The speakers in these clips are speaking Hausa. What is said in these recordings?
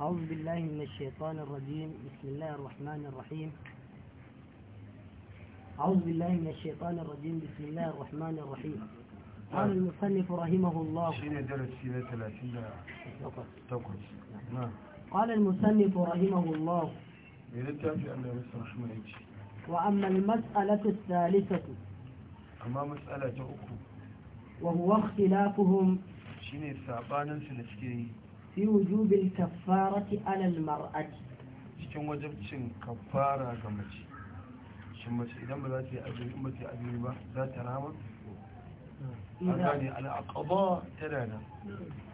أعوذ بالله من الشيطان الرجيم بسم الله الرحمن الرحيم أعوذ بالله من الشيطان الرجيم بسم الله الرحمن الرحيم قال المصنف رحمه الله نعم. قال المصنف رحمه الله وأما المسألة الثالثة أما مسألة أخرى وهو اختلافهم شنو الثعبان في fi wujubil kaffarati alal mar'ati cikin wajibcin kaffara ga mace shin mace idan ba za ta yi azumi in ba ta yi azumi ba za ta rama an gane al'aqaba tana nan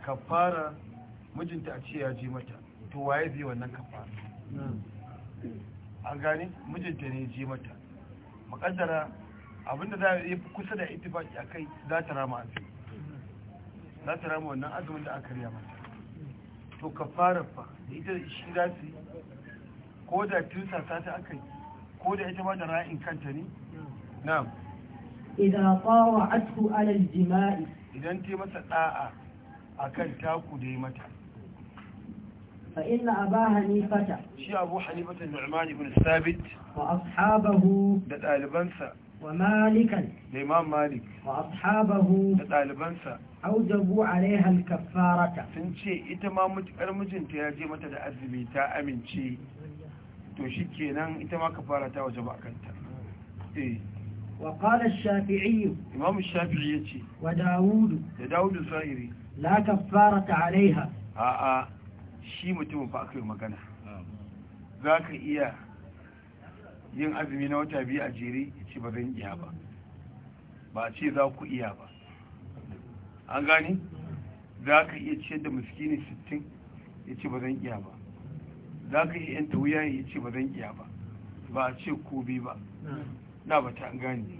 kaffara mijinta a ce ya je mata to waye zai wannan kafara A gane mijinta ne je mata makaddara abinda za a yi kusa da a kai za ta rama azumi za ta rama wannan azumin da aka riya mata to kafarar fa da ita shi za su ko da tusa ta ta aka yi ko da ita ba da ra'in kanta ne na'am idan qawa atku ala jima'i idan ta masa da'a kan taku da yi mata fa inna aba hanifata shi abu hanifata nu'man ibn sabit wa ashabahu da ɗalibansa. wa malikan da imam malik wa ashabahu da ɗalibansa aujabu alaiha alkafarata sun ce ita ma mutukar mijinta ya je mata da azumi ta amince to shi kenan ita ma kafara ta waje ba kanta eh وقال الشافعي إمام الشافعي وداود وداود الصائري لا كفارة عليها آآ شي متم فأكل مكانها ذاك إياه yin azumi na wata biyu a jere ce ba zan iya ba ba ce za ku iya ba an gani za ka iya ciyar da muskini sittin ya ce ba zan iya ba za ka iya yanta wuya ya ce ba zan iya ba ba a ce ko bi ba na ba ta gani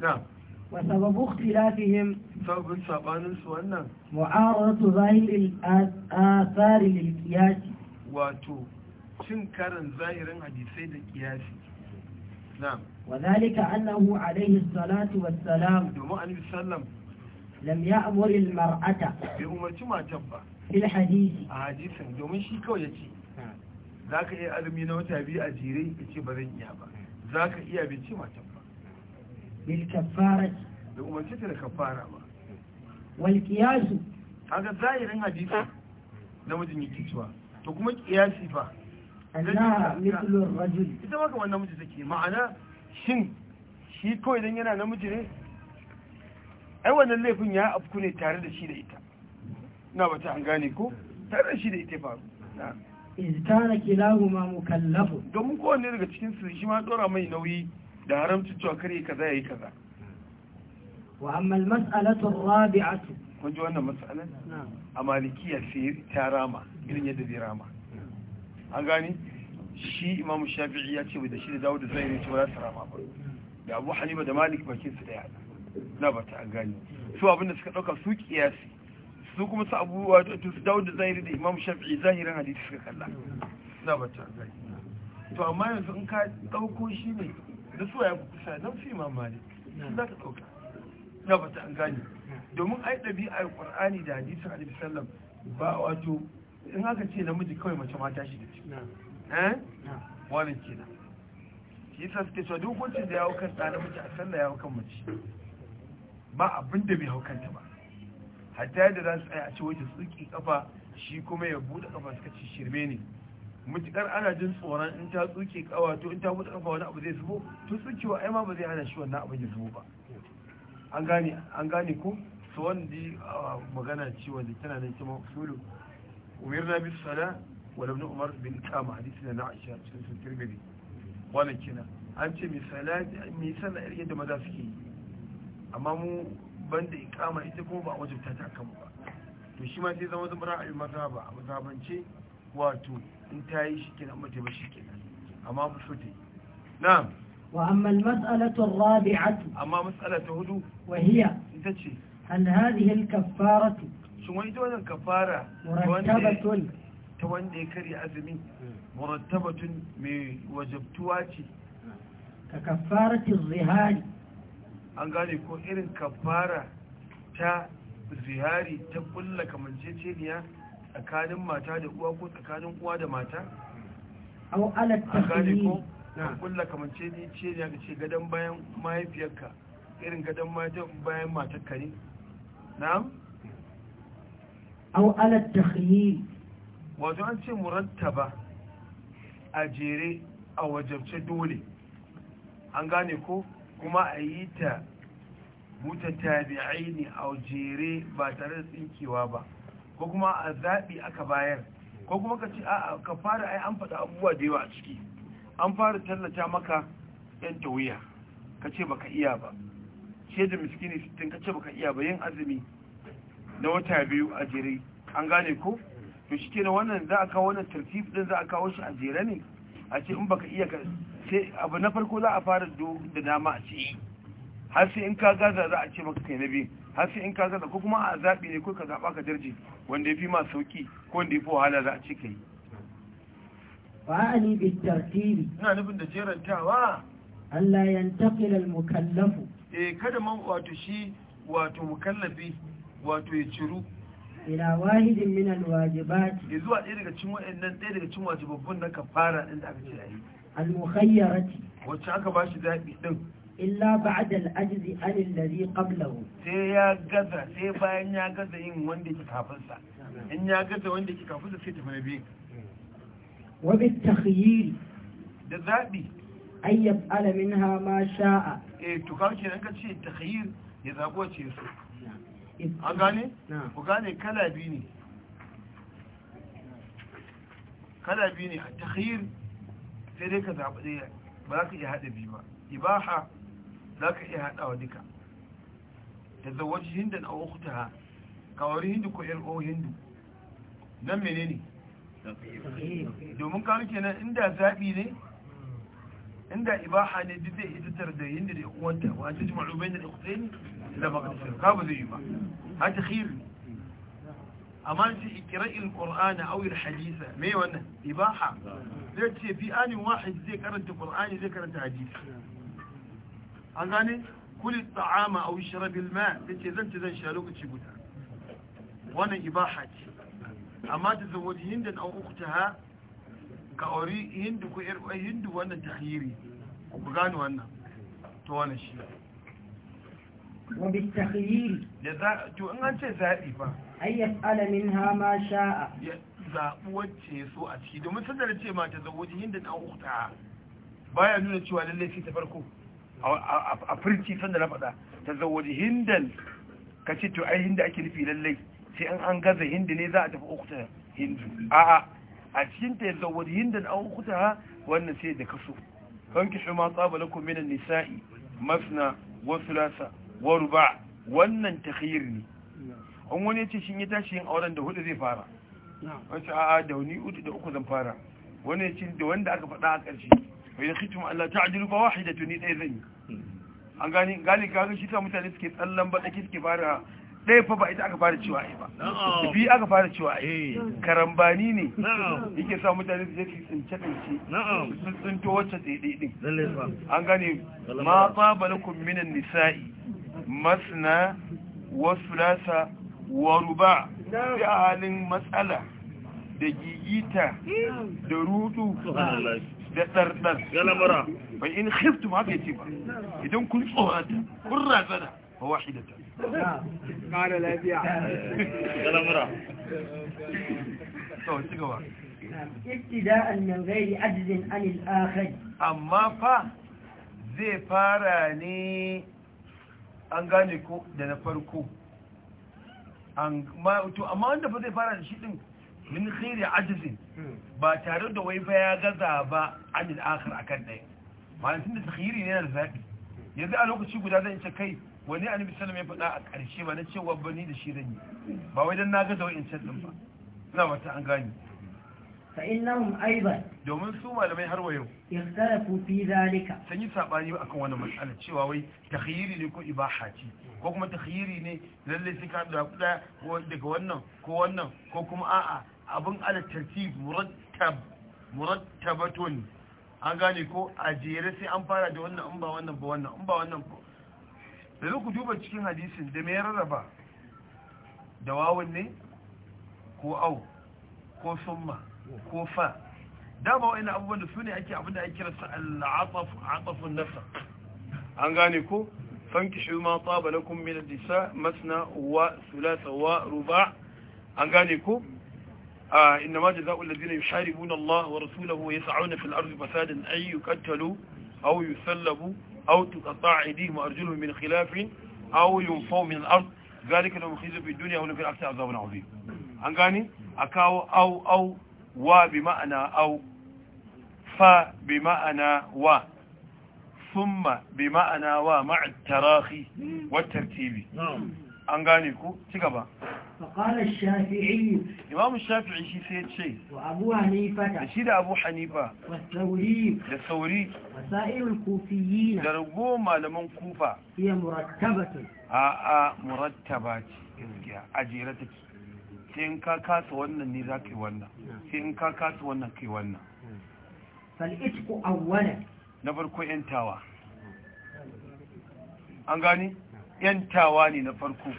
na وسبب اختلافهم سبب سبانس wannan معارضة ظاهر الآثار للقياس wato Cin tinkarin zahirin hadisai da kiyasi na'am وذلك أنه عليه الصلاة umarci لم ba. Fil hadisi. A حديث domin shi kawai yace zaka iya azumi na wata biyu a jire yace ba zan iya ba zaka iya binci matan ba bil kafarat da umarci ta kafara ba wal qiyas haka zahirin hadisi namijin yake cewa to kuma qiyasi fa annaha mithlu rajul ita ma kamar namiji take ma'ana shin shi kawai dan yana namiji ne ai wannan laifin ya afku ne tare da shi da ita na bata an gane ko tare da shi da ita faru in kana kilahuma mukallafu domin kowanne daga cikin su shi ma dora mai nauyi da haramci cewa kare kaza ya yi kaza wa amma al-mas'alatu ar-rabi'atu kun ji wannan mas'alan a malikiya sai ta rama irin yadda zai rama an gani shi imamu shafi'i ya ce da shi da dawo da zai ne ce ba su rama ba da abu halima da malik bakin su daya na ba ta an gani su abinda suka dauka su kiyasi su kuma su abu wato su dawo da zahiri da imamu shafi'i zahiran hadisi suka kalla na ba ta an gani to amma yanzu in ka dauko shi ne da su ya kusa nan su imam malik su za ka dauka na ba ta an gani domin ai ɗabi'ar qur'ani da hadisin alaihi sallam ba wato in haka ce namiji kawai mace mata shi da ci eh? wani kenan shi yasa suke cewa duk wacce da hau kan ɗana mace a sallah hau kan mace ba abin da bai hau kanta ba hatta yadda za su tsaya a ce wace tsuki kafa shi kuma ya buɗe kafa suka ce shirme ne mutukar ana jin tsoron in ta tsuke kawa to in ta buɗe kafa wani abu zai zubo to tsukewa ai ma ba zai hana shi wannan abin ya zubo ba an gane an gane ko ah, wanda magana ciwon da tana nan cewa usulu umirna bis sala wa lam nu'mar bil qama hadisi na Aisha cikin Tirmidhi wannan kina an ce mi salati mi sallah irin yadda maza suke yi amma mu banda iqama ita kuma ba wajibta ta kan ba to shi ma sai zama zama ra'ayin maza ba a mazabance wato in ta yi shi kenan mace ba shi kenan amma mu so ta yi na'am وأما المسألة shin wani ita wannan kafara ta wanda ya karya azumi murattabatun mai wajabtuwa ce ka kafaratin zihari an gane ko irin kafara ta zihari ta kulla kamanceceniya tsakanin mata da uwa ko tsakanin uwa da mata au an gane ko kulla kamanceceniya ka ce gadon bayan mahaifiyarka irin gadon bayan matakari na'am au ala takhyil wato an ce murattaba a jere a wajabce dole an gane ko kuma a yi ta mutatabi'ai ne a jere ba tare da tsinkewa ba ko kuma a zaɓi aka bayar ko kuma ka ce ka fara ai an faɗa abubuwa da yawa a ciki an fara tallata maka yan tawiya ka ce baka iya ba ce da miskini ka ce baka iya ba yin azumi na wata biyu a jere an gane ko to shi ke wannan za a kawo wannan tartib din za a kawo shi a jere ne a ce in baka iya ka sai abu na farko za a fara do da dama a ce har sai in ka gaza za a ce maka kai na biyu har sai in ka gaza ko kuma a zaɓi ne ko ka zaɓa ka darje wanda ya fi ma sauki ko wanda ya fi wahala za a ce ka yi. wa'ani bi tartibi ina nufin da jerantawa Allah yantakil al-mukallafu eh kada man wato shi wato mukallafi wato ya ciru ila wahidin min alwajibati zuwa ɗaya daga cikin wayannan ɗaya daga cikin wajibabbun na kafara din da aka ce ayi almukhayyarati wacce aka ba shi zaɓi din illa ba'da al-ajzi an alladhi qablahu sai ya gaza sai bayan ya gaza yin wanda yake kafin sa in ya gaza wanda yake kafin sa sai ta fara bi wa bit takhyir da zaɓi Ayyab ala minha ma sha'a eh to kawai kenan ka ce takhyir ya zaɓo ce su A gane? ku gane kala biyu ne kala biyu ne a tahir sai dai ka zaɓi ɗaya ba za ka iya haɗa biyu ba ibaha za ka iya haɗawa duka ta zawaci hindun a ukuta ha kawari hindu ko yar'o hindu nan mene ne domin kanu kenan inda zaɓi ne inda ibaha ne duk zai idatar da hindu da uwanta wajen jima'ubai da ukutai ne da yi ka ba zai ba haka khir amma shi ikra'il qur'ana aw al haditha me wannan ibaha zai ce fi anin wahid zai karanta qur'ani zai karanta hadisi an gane kuli ta'ama aw shrabil ma yace zan ci zan sha lokaci guda wannan ibaha ce amma da zawaji hindan aw ukhtaha ka auri hindu ko yar hindu wannan tahyiri ku gane wannan to wannan shi وبالتخييل to in an ce zaɓi fa ay yas'ala minha ma sha'a ya zaɓi wacce so a ciki domin sun da ce ma ta zawo jihin da ɗan ukta baya nuna cewa lallai sai ta farko a furci san da na faɗa ta zawo jihin ka ce to ai hinda ake nufi lallai sai an hindi ne za a tafi ukta hindu a'a a cikin ta ya zawo jihin an ɗan wannan sai da kaso Kan shi ma tsaba lakum minan nisa'i masna wasu lasa wa ruba wannan ta ne an wani ce shi ya tashi yin auren da hudu zai fara wasu a'a da wani uku da uku zan fara wani ce da wanda aka faɗa a ƙarshe wa in khitum alla ta'dilu fa wahidatu ni dai zan hmm. an gani gani kaga shi ta mutane suke tsallan ba dake suke fara ɗaya fa ba ita aka fara cewa ai ba bi aka fara cewa ai eh. karambani ne yake sa mutane su je su tsince tsince sun tsinto wacce tsaye din an gane ma tsaba lakum minan nisa'i مثنى وثلاثة ورباع نعم. في حال مسألة دجيجيتا دروتو دردر غلمرا فإن خفت ما في يتبع إذن كل صهاتا كل رازنا هو واحدة نعم. قال الأبيع غلمرا سوى سيقوا ابتداء من غير عجز عن الآخر أما فا زي فاراني an gane ko da na farko amma wanda ba zai fara da shi din min khairi ajizin ba tare da wai fa ya gaza ba anil akhir akan ɗaya ma'ana tun da tsakhiri ne na da zaɓi yanzu a lokaci guda zan ce kai wani annabi sallallahu alaihi wasallam ya faɗa a ƙarshe ba na cewa bani da shi yi ba wai dan na gaza wa'in can din ba ina wata an gane فإنهم أيضا domin su malamai har wa yau ikhtalafu fi zalika sun yi sabani akan wannan matsala cewa wai takhyiri ne ko ibaha ce ko kuma takhyiri ne lalle sai ka da kuda ko daga wannan ko wannan ko kuma a'a abun ala tartib murattab murattabatun an gane ko a jere sai an fara da wannan in ba wannan ba wannan in ba wannan ko da ku duba cikin hadisin da me ya rarraba da wawun ne ko au ko summa ko fa dama wa'ina abubuwan da su ne ake abinda ake kira al'atafun nasa an gane ko fanki shi ma tsaba na kun mila disa masna wa sulasa wa ruba an gane ko a inna ma jaza'u allazina yusharibuna Allah wa rasulahu yas'una fil ardi fasadan ay yuqtalu aw au aw tuqta'a aydihim wa arjuluhum min khilafin aw yunfaw min al-ard dhalika lahum khizyun fid dunya wa lahum fil akhirati 'adhabun 'azim an gane akawo aw aw wa bi ma'ana au fa bi ma'ana wa thumma bi ma'ana wa ma'a tarahi wa tartibi an gane ku cigaba faqala ash-shafi'i imam ash-shafi'i shi sai ce wa abu hanifa shi da abu hanifa wa thawri da thawri wa sa'il al-kufiyyin kufa hiya murattabatu a a murattabati gaskiya take sai in ka kasa wannan ne za ka yi wannan sai in ka kasa wannan ka yi wannan fal'itku awwala na farko yantawa an gani yantawa ne na farko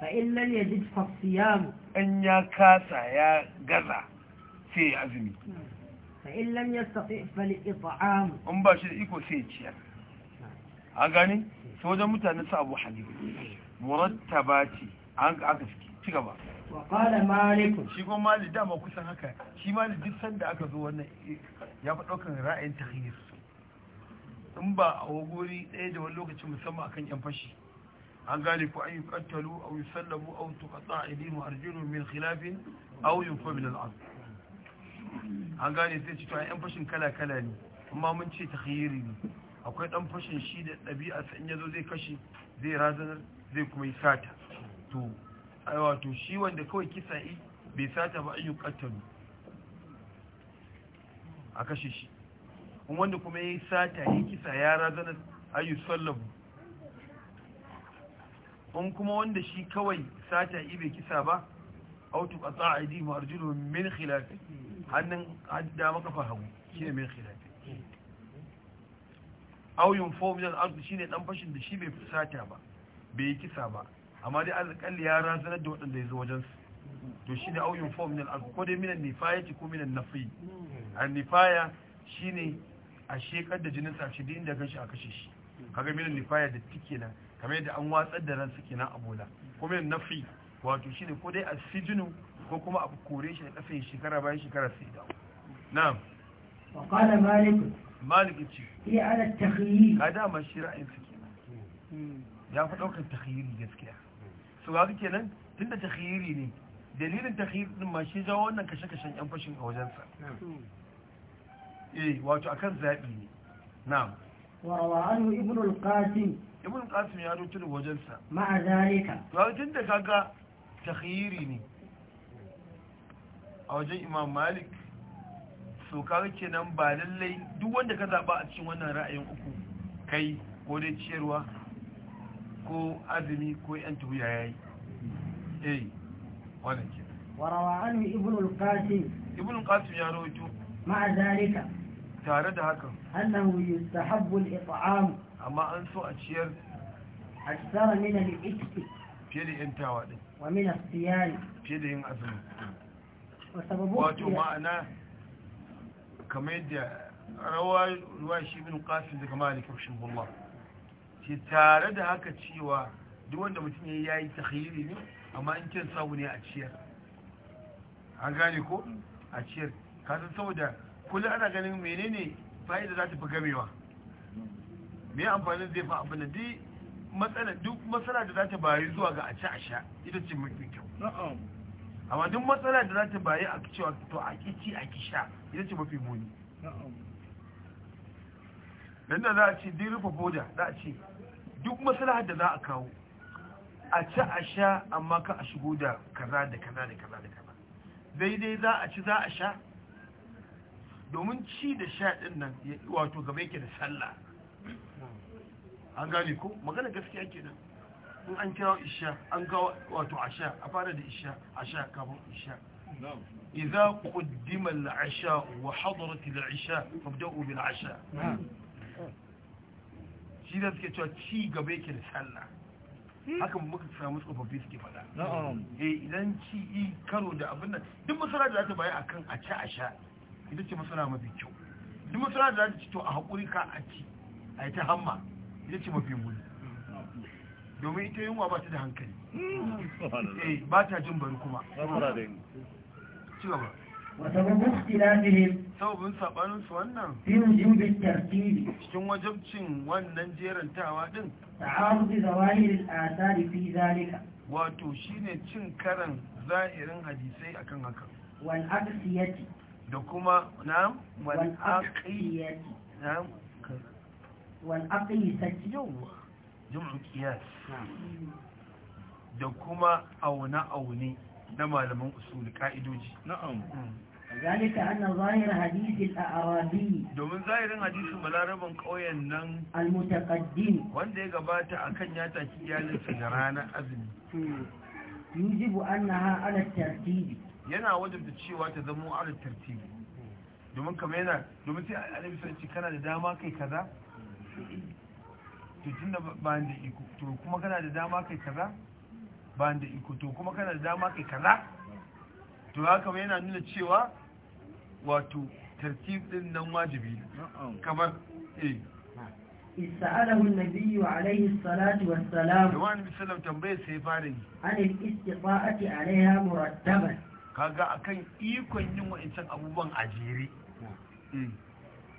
fa illal yajid fa siyam an ya kasa ya gaza sai ya azumi fa illam yastati fal it'am an ba shi da iko sai ya ciyar an gani sojan mutane su abu halibu murattabati an aka ci gaba waƙala malikun shi kuma malik dama kusan haka shi malik duk sanda aka zo wannan ya fi ɗaukan ra'ayin tahir in ba a wagori daya da wani lokaci musamman akan yan fashi an gane ko an yi ƙattalu a yi sallamu a wutu ƙasa a ilimu arjinu min khilafin a wuyin kwamin al'adu an gane sai ci to yan fashin kala-kala ne amma mun ce tahiri ne akwai dan fashin shi da ɗabi'a sa'in ya zo zai kashe zai razanar zai kuma yi sata to wato shi wanda kawai kisa yi bai sata ba ta qatalu a kashe shi wanda kuma ya sata ya kisa ya razana ayyu sallabu in kuma wanda shi kawai sata yi bai kisa ba autu a aidi marjulu min khilafi hannun hadda maka shi ne min khilafi Auyin yunfo min shi ne shine dan fashin da shi bai sata ba bai kisa ba amma dai alƙalli ya razanar da waɗanda ya zo wajen su to shi ne auyin fom ne ko dai minan nifaya ko minan nafi a nifaya shi ne a shekar da jinin sashi da inda gashi a kashe shi kaga minan nifaya da tike nan kamar yadda an watsar da ransu kenan a bola ko minan nafi wato shi ne ko dai a sijinu ko kuma a kore shi da ƙasa shekara bayan shekara sai dawo na'am ya مالك مالك ka هي على التخييل هذا ما الشيء ya fi فدوك التخييل gaskiya. su ga kenan tunda takhiri ne dalilin takhiri din ma shi jawo wannan kashe-kashen yan fashin a wajensa eh wato akan zabi ne na'am warawa anhu ibn al-qasim ibn al-qasim ya rutu da wajensa ma'a zalika to da kaga takhiri ne a wajen imam malik so kaga kenan ba lallai duk wanda ka zaba a cikin wannan ra'ayin uku kai ko dai ciyarwa ko azumi ko yan tuya yayi eh wannan ke warawa an ibn al-qasim ibn al-qasim ya rawaito ma zalika tare da hakan annahu yustahabbu al-it'am amma an so a ciyar aksara min al-ikti fiye da yantawa din wa min as-siyam fiye da yin azumi wato ma'ana kamar yadda rawa ruwa shi ibn qasim daga malik rahimahullah ke tare da haka cewa duk wanda mutum ya yi ya yi takhiri ne amma in kyan samu ne a ciyar an gane ko a ciyar kasan saboda kula ana ganin menene fa'ida za ta fi gamewa me amfanin zai fa abin da duk matsala da za ta bayi zuwa ga a ci a sha ita ce mafi kyau amma duk matsala da za ta bayi a cewa to a kici a kisha ita ce mafi muni dan da za a ci din rufe boda za a ce duk maslahar da za a kawo a ci a sha amma ka a shigo da kaza da kaza da kaza da kaza daidai za a ci za a sha domin ci da sha din nan wato gaba yake da sallah an gane ko magana gaskiya kenan in an kawo isha an kawo wato asha a fara da isha asha kafin isha إذا قدم العشاء وحضرت العشاء فابدأوا بالعشاء shi da suke cewa ci gaba yake da sallah haka muka samu tsofaffi suke fada eh idan ci yi karo da abin nan duk masana da za ta baya akan a ci a sha ita ce masana mafi kyau duk masana da za ta ci to a haƙuri ka a ci a yi ta hamma ita ce mafi muni domin ita yunwa ba ta da hankali mm. eh ba ta jin bari kuma ci gaba وسبب اختلافهم sababin sabaninsu wannan yin jibin tartibi cikin wajabcin wannan jerantawa din ta'arudi zawahirin asari fi zalika wato shine cin karan za'irin hadisai akan haka wal aqsiyati da kuma na'am wal aqsiyati na'am wal aqsiyati yawa jam'u qiyas da kuma auna aune na malaman usuli ka'idoji na'am hmm. zalika anna zahir hadith al-arabi domin zahirin hadisi balaraban kauyen nan al-mutaqaddim wanda ya gabata akan ya taki yalin su da rana azumi hmm. yujibu annaha ala tartib yana wajibi cewa ta zama ala tartib domin kamar yana domin sai alim sai kana da dama kai kaza to tunda ba ni iko to kuma kana da dama kai kaza ba da ikuto kuma kana da dama kai kaza to haka yana nuna cewa wato tartib din nan wajibi kamar eh isa'alahu an-nabiy salatu wassalam wa annabi sallallahu tambaye sai fare ni an al-istifa'ati alayha kaga akan ikon yin wa'incan abubuwan ajere eh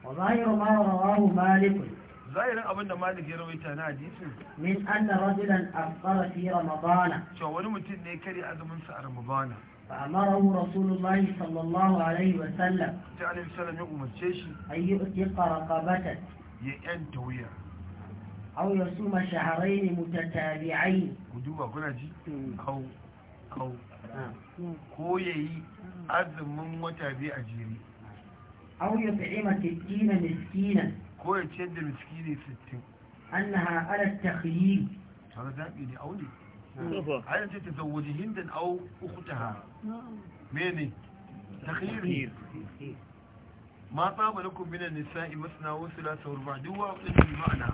wallahi zahirin abin da malik ya rawaita na hadisin min anna rajulan afṭara fi ramadana to wani mutum ne kare azumin sa a ramadana fa amarahu rasulullahi sallallahu alaihi wa sallam ta alaihi sallam ya umarce shi ay yu'tiqa raqabatan ya yanta wuya aw yasuma shahrayn mutatabi'ain duba kuna ji hmm. au au ah. ko yayi azumin wata biyu a jere aw yut'ima 60 miskinan كوية شد المسكين ستين أنها على التخييل هذا دائم يعني أولي على تتزوجي هندا أو أختها ماني تخيير ما طاب لكم من النساء مثنى وثلاثة واربع دوا بمعنى معنى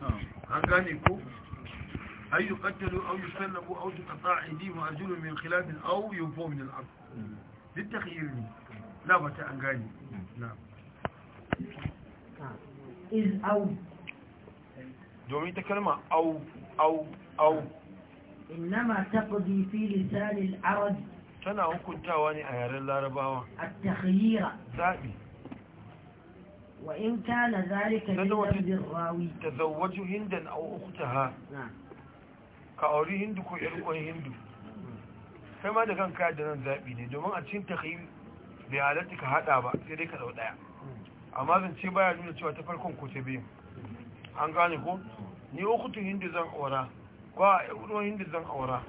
نعم. أغانيكو أن يقتلوا أو يسلموا أو تقطع عديم أرجلوا من خلاف أو ينفوا من الأرض للتخيير لا بتأغاني نعم Thank نعم. you. is au domin ta kalma au au au innama taqdi fi lisan al-arab tana hukuntawa ne a yaren larabawa at-takhyira zabi wa in kana zalika bi rawi tazawwaju hindan aw ukhtaha ka auri hindu ko yar uwan hindu kai ma da kanka da nan zabi ne domin a cikin takhyir bai halatta ka hada ba sai dai ka dau daya amma ce baya nuna cewa ta farkon ko ta biyu an gane ko ni ukutun hindu zan aura ko a ɗan hindu zan aura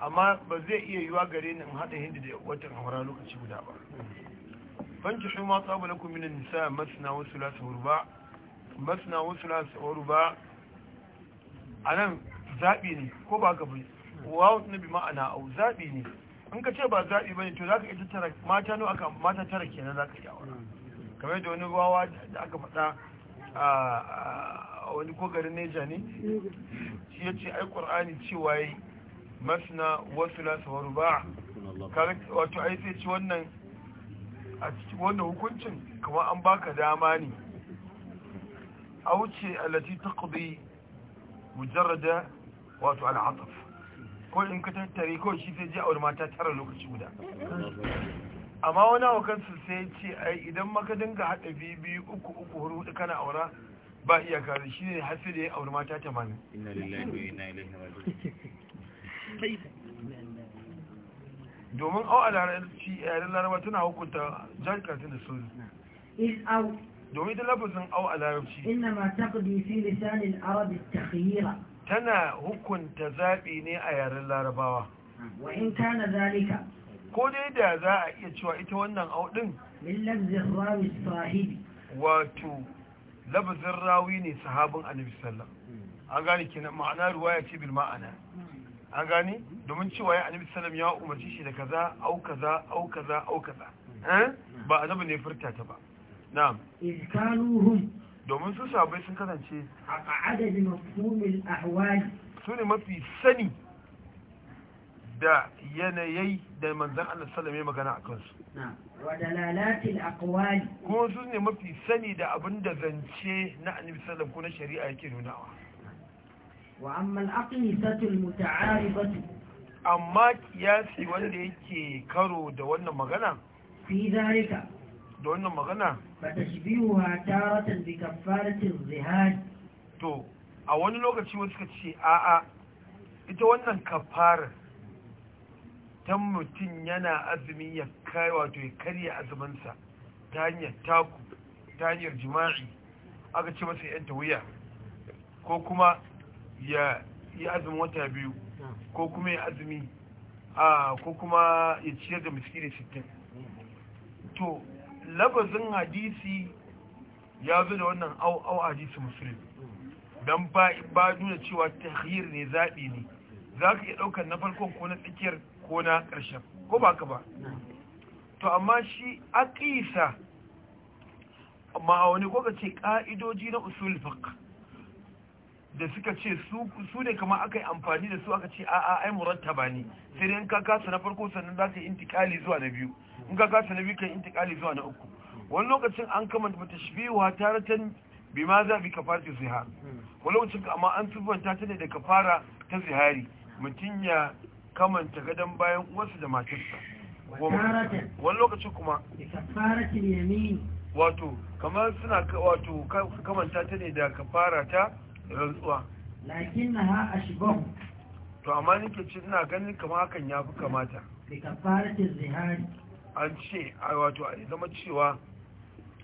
amma ba zai iya yiwa gare ni in haɗa hindu da watan aura lokaci guda ba banki shi ma tsabu lakum minan nisa masna wa sulasa urba masna wa ba. A anan zabi ne ko ba gabi bi wa nabi ma'ana au zabi ne in ka ce ba zabi bane to zaka iya tattara mata nawa aka mata tara kenan zaka iya aura kamar da wani wawa da aka faɗa a wani kogarin neja ne shi ya ce ai ƙur'ani cewa yi masina wasu lasawar ba wato ai sai ci wannan a cikin wannan hukuncin kuma an baka dama ne a wuce alati ta kuɗi mujarrada wato al'ataf ko in ka tattare kawai shi sai ji a wani mata tara lokaci guda amma wani aukansu sai ce ai idan maka dinga haɗa biyu uku uku huru hudu kana aura ba iya kare shi ne hasi da ya auri mata tamanin domin au a larabci yaren laraba tana hukunta jan kartin da sun eh, domin ta lafazin au a larabci tana hukunta zaɓi ne a yaren larabawa Wa in kana zalika ko dai da za a iya cewa ita wannan audin wato labazin rawi ne sahabin annabi sallam an gane kenan ma'ana ruwaya ce bil ma'ana an gane domin cewa ya annabi sallam ya umarci shi da kaza au kaza au kaza au kaza eh? ba annabi ne furta ta ba na'am iskaluhum domin su sabai sun kasance a adadin mafhumil ahwal su ne mafi sani da yanayi da manzan Allah salame magana a kansu kuma su ne mafi sani da abin da zance na annabi sallam ko na shari'a yake nunawa amma kiyasi wanda yake karo da wannan magana zarika. da wannan magana shi biyu zihari. to a wani lokaci wasu ka ce a'a ita wannan kafarar tan mutum yana azumi ya kai wato ya karya azuminsa ta hanyar taku ta hanyar jima'i aka ce masa yanta wuya ko kuma ya yi azumin wata biyu ko kuma ya azumi a ko kuma ya ciyar da da sittin to labazin hadisi ya zo da wannan au au hadisi musulmi don ba nuna cewa tahir ne zaɓi ne za ka iya ɗaukar na farkon ko na tsakiyar ko na ƙarshen ko ba ka ba to amma shi a a wani ko ka ce ƙa'idoji na usul fiqh da suka ce su ne kama aka yi amfani da su aka ce a'a ai murattaba ne sai dai in ka kasa na farko sannan za ka yi intikali zuwa na biyu in ka kasa na biyu ka yi intikali zuwa na uku wani lokacin an da mata shibiwa taratan bi ma za bi ka fara ta zihar wani lokacin amma an tufanta ta ne da fara ta zihari mutum ya kamanta gadon bayan uwarsa da matarsa wani lokaci kuma wato kamar suna wato kamanta ta ne da ka fara ta rantsuwa lakin na ha a shigon to amma nike ce ina ganin kama hakan ya fi kamata an ce a wato a zama cewa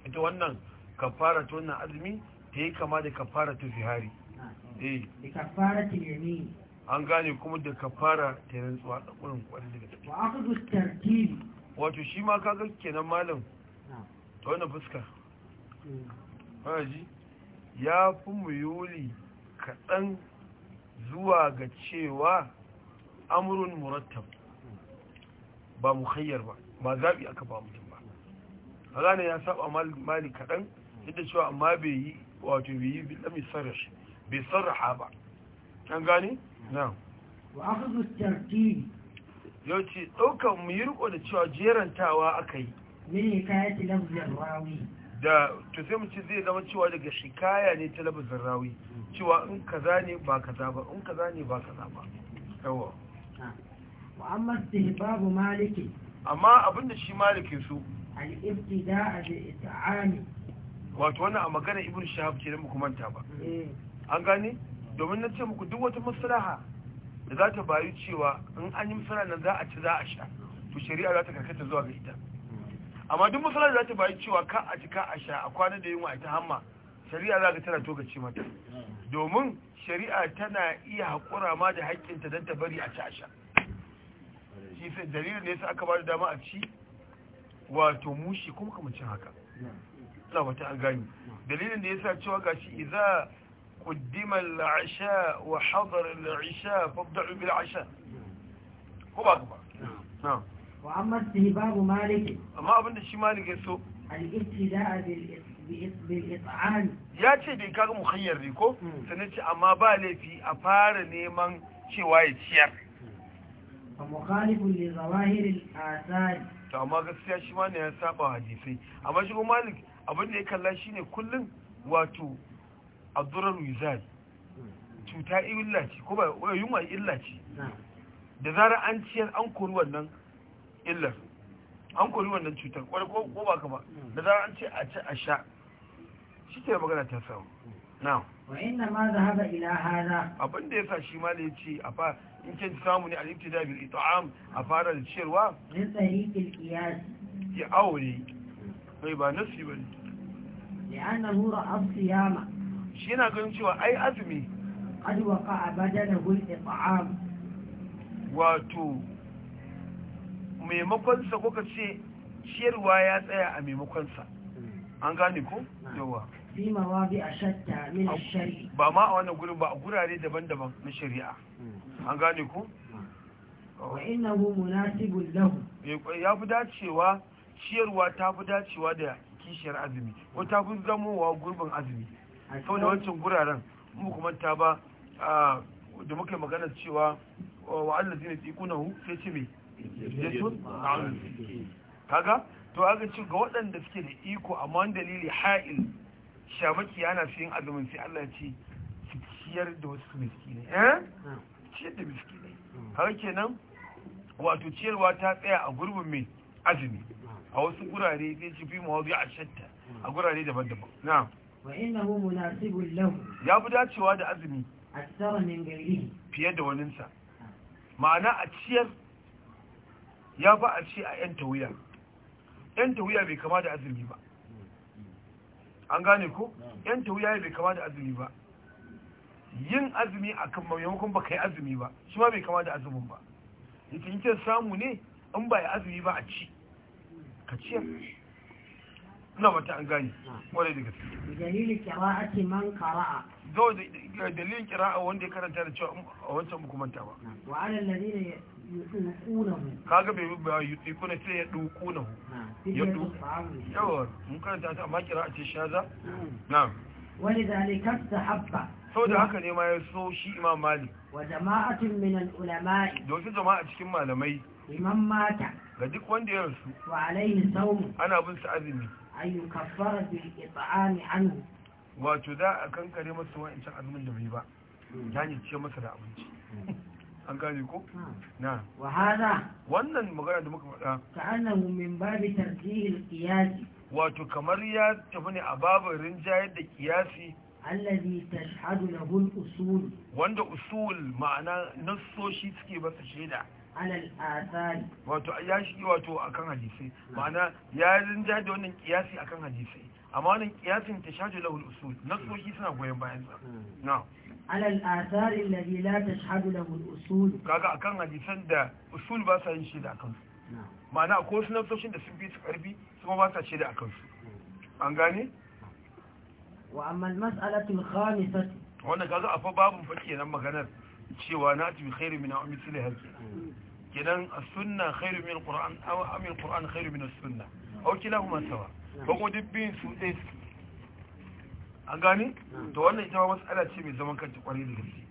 ita wannan ka fara ta wannan azumi ta yi kama da ka fara ta zihari ah. eh ta an gane kuma da kafara ta rantsuwa da kurin kwarin daga ta wa aka wato shi ma kaga kenan malam ta wani fuska mm. ya fi muyuli kaɗan zuwa ga cewa amurin murattab ba mu hayar ba ba zaɓi aka ba mutum ba a gane ya saba mali kaɗan inda cewa amma bai yi wato bai yi bai sarraha ba an gane? wa ce tartib ɗaukan mu yi riko da cewa jerantawa aka yi ne kayati labuzar rawi da to sai mu ci zai zama cewa daga shikaya ne ta labuzar rawi cewa in kaza ne ba ka ba in kaza ne ba ka ba yawa ah. wa amma babu maliki amma abinda shi malikin su al-ibtida'a bi it'ami wato wannan a magana ibn shahab ce da kuma manta ba eh. an gane domin na ce muku duk wata masaraha da za ta bayu cewa in an yi masara nan za a ci za a sha to shari'a za ta karkata zuwa ga ita amma duk masara da za ta bayu cewa ka a ci ka a sha a kwana da yunwa wa ita hamma shari'a za ka tana togace mata domin shari'a tana iya haƙura ma da haƙƙinta don ta bari a ci a sha shi sai dalilin ne sai aka ba da dama a ci wato mushi kuma cin haka za wata an gani dalilin da ya sa cewa gashi iza قدم العشاء وحضر العشاء فابدعوا بالعشاء ko ba ba na'am wa amma istihbab amma abin shi malik ya so al-ibtida'a bil it'an ya ce bai kaga mukhayyar ne ko ce amma ba laifi a fara neman cewa ya ciyar fa mukhalifun li zawahir al-athar to gaskiya shi ne ya saba Hadisai. amma shi malik abin da ya kalla shine kullun wato addurar wizari cuta illa ce ko ba yunwa illa ce da zara an ciyar an kori wannan illar an kori wannan cutar kwarai ko ba ka ba da zara an ce a ci a sha shi ce magana ta samu na wa'inna ma za haɗa ila hada abin da ya sa shi ma da ya ce a fa in kyan samu ne a rikta da bil am a fara da ciyarwa min tsarikin kiyasi ya aure mai ba nasi ba ne li'annahu ra'a siyama shi yana ganin cewa ai azumi ka abada da al-it'am wato maimakon sa kuka ce ciyarwa ya tsaya a maimakon sa hmm. an gane ko hmm. yawa fi bi ashatta min shari. sharia ba ma a wannan gurin ba a gurare daban-daban na shari'a hmm. an gane ko wa innahu munasibun lahu eh, ya fi dacewa ciyarwa ta fi dacewa da kishiyar azumi ko ta fi zamowa gurbin azumi sau da wancan guraren mu kuma ta ba da muka magana cewa wa Allah zai fi hu sai ce mai kaga to aka ce ga waɗanda suke da iko amma wani dalili ha'il shamaki yana fiye azumin sai Allah ce su ciyar da wasu miskinai eh ciyar da miskinai har kenan wato ciyarwa ta tsaya a gurbin mai azumi a wasu gurare zai ci fi mawazi a shatta a gurare daban-daban na'am فإنه مناسب له يا بدا cewa da azumi أكثر من غيره fiye da waninsa ma'ana a ciyar ya ba a ci a yan tawiya yan tawiya bai kama da azumi ba an gane ko yan tawiya bai kama da azumi ba yin azumi a kan maimakon ba ka yi azumi ba shi ma bai kama da azumi ba yake samu ne in ba ya azumi ba a ci ka ciyar ina wata an gani wadda daga su dalilin kira'ati man kara'a zo dalilin kira'a wanda ya karanta da cewa a wancan hukumanta ba wa alal ladina yuqunahu kaga bai ba yuquna sai ya duqunahu ya du yawa mun karanta ta amma kira'a ce shaza na'am ولذلك habba. sau da haka ne ma ya so shi imam mali. wa jama'atun minan ulama'i da wasu jama'a cikin malamai imam mata ga duk wanda ya rasu wa alaihi saumu ana bin sa azumi an kafara da itsa'ani hannu wato za a kankare masa wa'ancan azumin da bai ba ya ne ce masa da abinci an gane ko na wahala wannan magana da muka faɗa ta annahu min babi tarjihil qiyasi wato kamar ya tafi ne a babin rinjayar da qiyasi allazi tashhadu lahu al-usul wanda usul ma'ana nassoshi suke masa shaida alal asari wato ya shi wato akan hadisai ma'ana ya rinja da wannan kiyasi akan hadisai amma wannan kiyasin tashaju lahul usul na nasoshi suna goyon bayan sa hmm. na alal asari alladhi la tashhadu lahul usul kaga akan hadisan da usul ba sa yin shi da akan su ma'ana akwai wasu nasoshin da sun fi su karbi, su ba sa shi da akan su hmm. an gane wa amma al-mas'alatu al-khamisatu wannan kaga afa babu fa kenan maganar cewa na bi khairu min a'mal sulahi kenan hmm. Gidan sunna khairu min alquran aw amil alquran khairu min as-sunna aw kilahuma sawa ko kuma dubbin su dai an gani to wannan ita ma mas'ala ce mai zaman kanta kwarai da gaske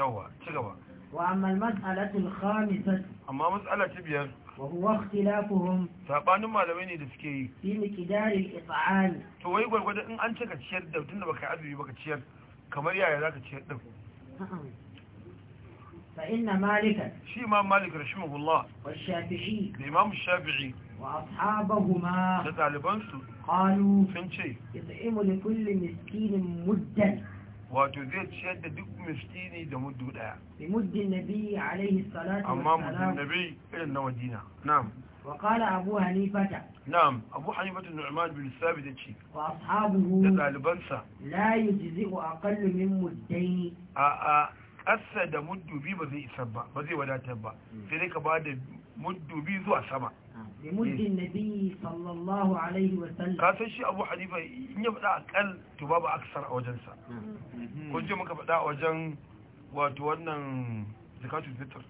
yawa ci gaba wa amma mas'alatu al-khamisah amma mas'ala ta biyar وهو اختلافهم sabanin malamai ne da suke yi fi al it'am to wai gurgurda in an cika ciyar da tunda baka azumi baka ciyar kamar yaya zaka ciyar din فإن مالكا شي ما مالك رحمه الله والشافعي الإمام الشافعي وأصحابهما تدع لبنسو قالوا فين شيء يطعم لكل مسكين مدا وتزيد شدة دك مسكين لمدة لمد النبي عليه الصلاة والسلام أمام النبي إلى النودينا نعم وقال أبو حنيفة نعم أبو حنيفة النعمان بن الثابت شيء وأصحابه تدع لبنسا لا يجزئ أقل من مدين kasa da muddubi ba zai isar ba ba zai wadatar ba sai dai ka ba da muddubi zuwa sama muddin nabi sallallahu alaihi wasallam ka san shi abu hanifa in ya faɗa akal to babu aksar a wajensa hmm. ko je muka faɗa a wajen wato wannan zakatul fitr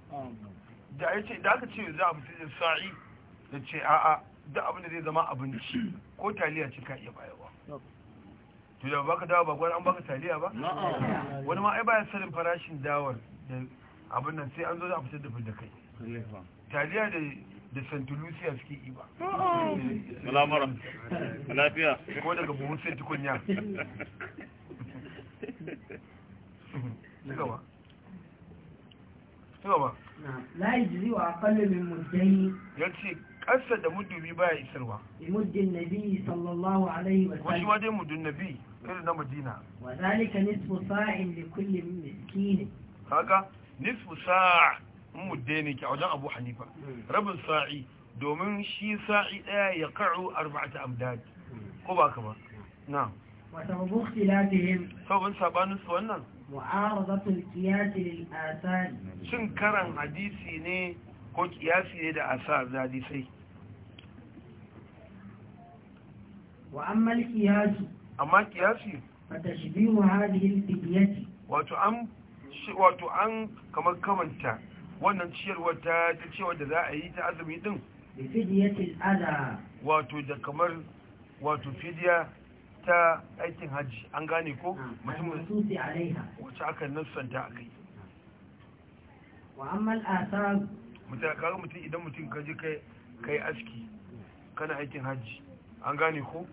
da ya ce da aka ce za a fi sa'i da ce a'a da abin da zai zama abinci ko taliya ce ka iya bayarwa to da baka dawa ba gwar an baka taliya ba wani ma ai baya sanin farashin dawar da abin nan sai an zo za a fitar da fil da kai taliya da da Santa Lucia suke yi ba. Salamara, lafiya. Ko daga buhun sai tukunya. Sigaba. ba La yi jiri wa kallon ya ce ƙasa da mudubi ba ya isarwa muddin nabi sallallahu alaihi wa sallam wajen mudin nabi irin na madina wa zalika nisfu sa'in li kulli miskin haka nisfu sa'a mudde ne ke wajen abu hanifa hmm. rabin sa'i domin shi sa'i ɗaya ya ka'u arba'ata amdad ko ba ka ba na وسبب اختلافهم سبب su wannan معارضة القياس للآثار شن karan hadisi ne ko kiyasi ne da asar da hadisai wa amma alkiyasu amma kiyasi fa tashbihu hadhihi alfidyati wato an wato an kamar kamanta wannan ciyarwar ta ta cewa da za a yi ta azumi din fidyatil adha wato da kamar wato fidya ta aikin hajji an gane ko ah, mutum wacce aka nufanta a kai wa amma al'asar mutum kaga mutum idan mutum kaji kai aski kana aikin hajji an gane ko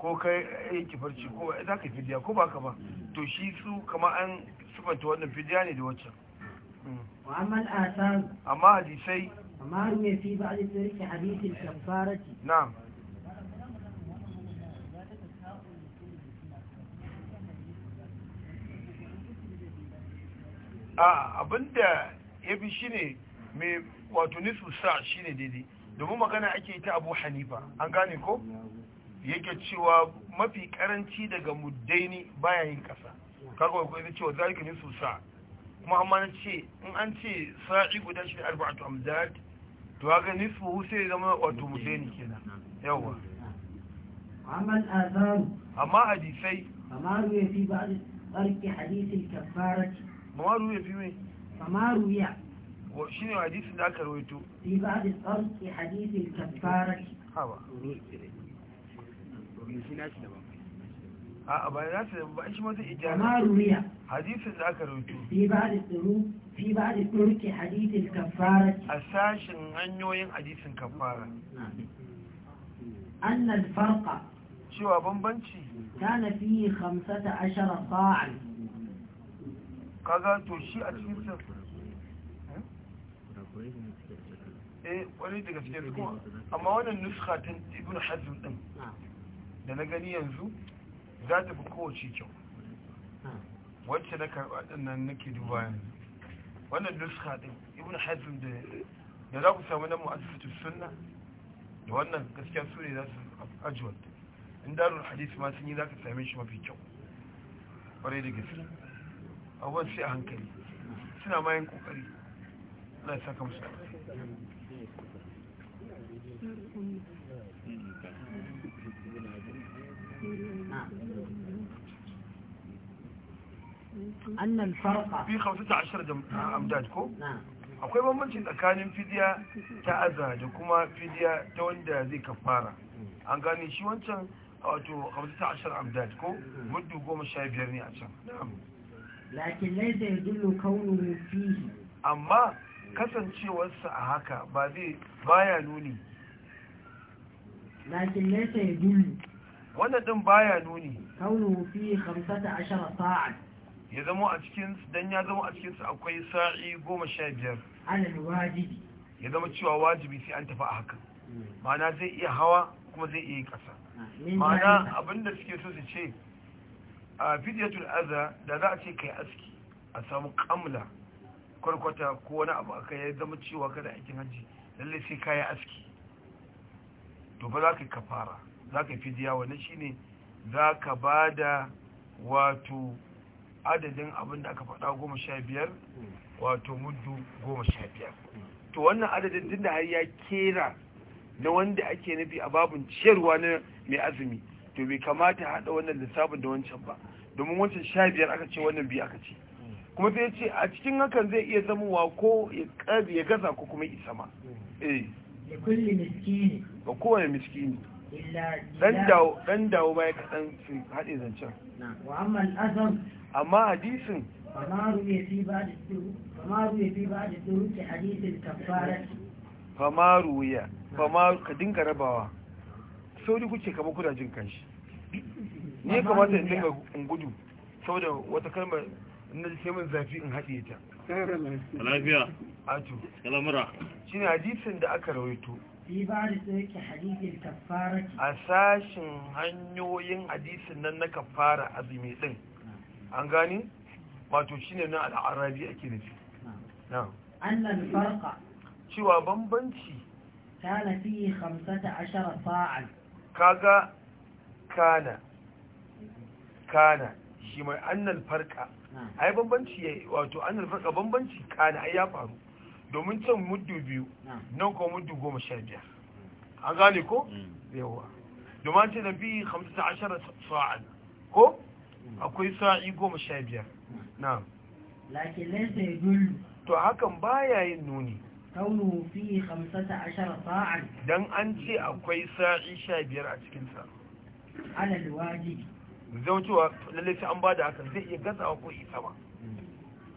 ko kai aiki farci ko za ka fidiya ko ba ka ba to shi su kama an sufanta wannan fidiya ne da waccan amma hadisai amma ruwa fi ba a tsirki hadisin tabbarati na. a abinda ya fi shi ne mai wato nisu sa shi ne daidai domin magana ake ta abu hanifa an gane ko? yake cewa mafi karanci daga muddaini baya yin kasa kaga ko yace cewa zalika nisu sa kuma amma na ce in an ce sa'i guda shi arba'atu amdad to haka nisfu sai zama wato muddaini kenan yawa amma hadisai amma ruwa fi ba barki hadisin kafarat amma ruwa fi mai ya ruwa shine hadisin da aka rawaito fi ba hadisin kafarat haba biyu shi nashi daban a ba ya nashi ba shi ma zai ijara ma ruwiya hadisin da aka rubuto fi ba da tsuru fi ba da tsuru ke hadisin kafara a sashin hanyoyin hadisin kafara annal farqa cewa bambanci kana fi 15 sa'an kaga to shi a cikin sa eh wani daga cikin kuma amma wannan nuskha ta ibn hazm din da na gani yanzu za ta fi kowace kyau wacce na karɓa ɗannan nake duba yanzu wannan duska ɗin ibn hajjum da za ku samu nan mu'azzafatu sunna da wannan gaskiya su ne za su ajiyar in darul hadisi ma sun yi za ka same shi mafi kyau ƙwarai da gaske abubuwan sai a hankali suna mayan ƙoƙari na saka musu أن الفرق في خمسة عشر أمدادكم akwai bambanci tsakanin fidiya ta aza da kuma fidiya ta wanda zai kafara an gane shi wancan a wato hamsin ashar abdad ko muddu goma sha biyar ne a can lakin laisa ya dullo kaunin fihi amma kasancewarsa a haka ba zai baya nuni lakin laisa ya dullo wannan din baya nuni kaunu fi 15 sa'at ya zama a cikin dan ya zama a cikin akwai sa'i 15 anan wajibi ya zama cewa wajibi sai an tafi a haka ma'ana zai iya hawa kuma zai iya kasa ma'ana abinda suke so su ce a fidiyatul azza da za a ce kai aski a samu kamla kwarkwata ko wani abu aka ya zama cewa kada aikin hajji lalle sai kayi aski to ba za ka kafara za ka fidiya wani shine za ka ba da wato adadin abin da aka faɗa goma sha biyar wato muddu goma sha biyar to wannan adadin din da har ya kera na wanda ake nufi a babin ciyarwa na mai azumi to bai kamata haɗa wannan lissafin da wancan ba domin wancan sha biyar aka ce wannan biyu aka ce kuma sai ce a cikin hakan zai iya zamowa ko ya gaza ko kuma isa ma eh ga kowane miskini dan dawo bai kaɗan su haɗe zancen amma hadisin famaru ya famaru ka dinga rabawa sauri kuke kama kuna jin kanshi ne ya kamata in dinga in gudu saboda wata kalma na sai mun zafi in haɗe ta lafiya atu kalamura shi ne hadisin da aka rawaito fi ba da tsoke hadisin kafara a sashin hanyoyin hadisin nan na kafara azumi din an gani wato shine na al'arabi ake nufi na'am annal farqa cewa bambanci kana fi 15 sa'an kaga kana kana shi mai annal farqa ai bambanci wato annal farqa bambanci kana ai ya faru domin can muddu biyu nan ko muddu goma sha biyar an gane ko mm. yawa domin ce na biyu hamsin ashirar sa'ad ko mm. akwai sa'i goma sha biyar mm. na to hakan ba yin nuni kaunu fi hamsata ashara sa'an dan an ce akwai sa'i sha biyar a cikinsa alal wajibi zama cewa lalle sai an ba da hakan zai iya gazawa ko isa ba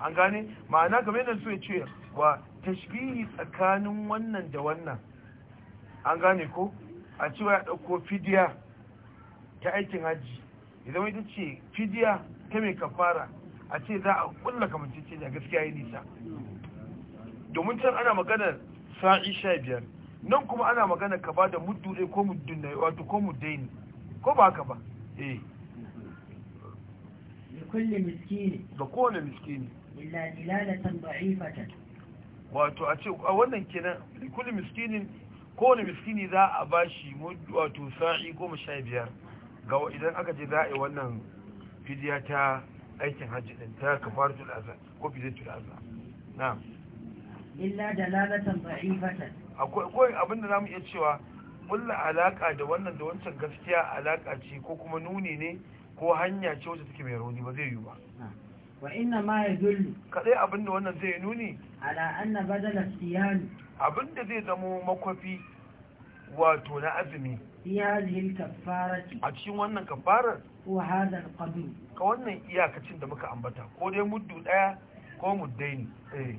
an gane ma'ana game da su ya ce wa tashbihi tsakanin wannan da wannan an gane ko a cewa ya ɗauko fidiya ta aikin hajji idan ita ce fidiya ta mai kafara a ce za a kulla kamancece da gaskiya yi nisa domin can ana maganar sa'i sha biyar nan kuma ana maganar ka ba da muddu ɗai ko muddu na wato ko muddu ne ko ba haka ba eh ga kowane miski miskini illa dilalatan da'ifatan wato a ce a wannan kenan kulli miskinin kowane miskini za a bashi wato sa'i goma sha biyar ga idan aka je za a yi wannan fidiya ta aikin hajji din ta kafaratul azza ko fidiyatul azza na'am illa dalalatan ba'ifatan akwai akwai abinda zamu iya cewa mulla alaka da wannan da wancan gaskiya alaka ce ko kuma nuni ne ko hanya ce wacce take mai rauni ba zai yi ba wa ina ma ya zullu kadai abinda wannan zai nuni ala anna badala siyani abinda zai zama makwafi wato na azumi siyalin kafarati a cikin wannan kafarar wa hadar kadu ka wannan iyakacin da muka ambata ko dai muddu ɗaya ko muddai ne eh.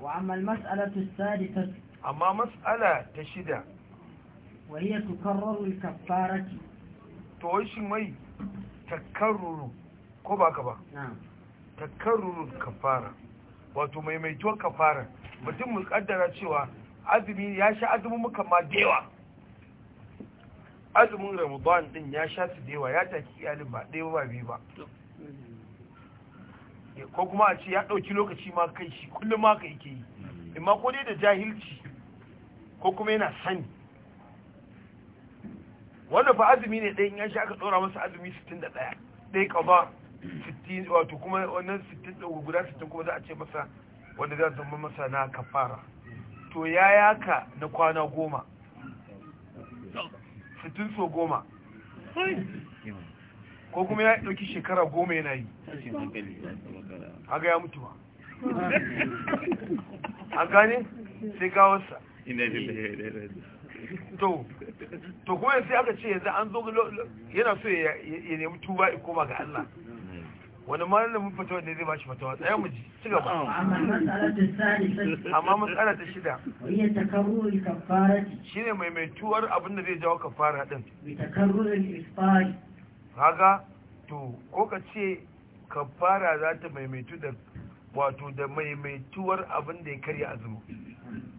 wa amma mas'ala ta sadi ta amma mas'ala ta shida wa iya tukarrarul kafarati to shi mai takarrarul ko ba ka ba takarrurul kafara wato maimaituwar kafara mutum mu kaddara cewa azumi ya sha azumin muka ma dewa azumin ramadan din ya sha su dewa ya taki iyalin ba dewa ba biyu ba ko kuma a ce ya ɗauki lokaci ma kai shi kullum ma ka ke yi amma ko dai da jahilci ko kuma yana sani wanda fa azumi ne in ya sha aka ɗora masa azumi 61 ɗaya ƙaba 60 wato kuma wannan 60 guda 60 kuma za a ce masa wanda za zama masa na kafara to ya yaka na kwana goma 60 so goma ko kuma ya ɗauki shekara goma yana yi haga ya mutu ba a gane sai gawarsa to to kuma sai aka ce yanzu an zo yana so ya nemi tuba ya koma ga Allah wani malamin fito ne zai bashi fatawa tsaya mu ji ci gaba amma matsala ta shida shi ne maimaituwar abin da zai jawo kafara din kaga to ko ka ce kafara za ta maimaitu da wato da maimaituwar abin da ya karya azumi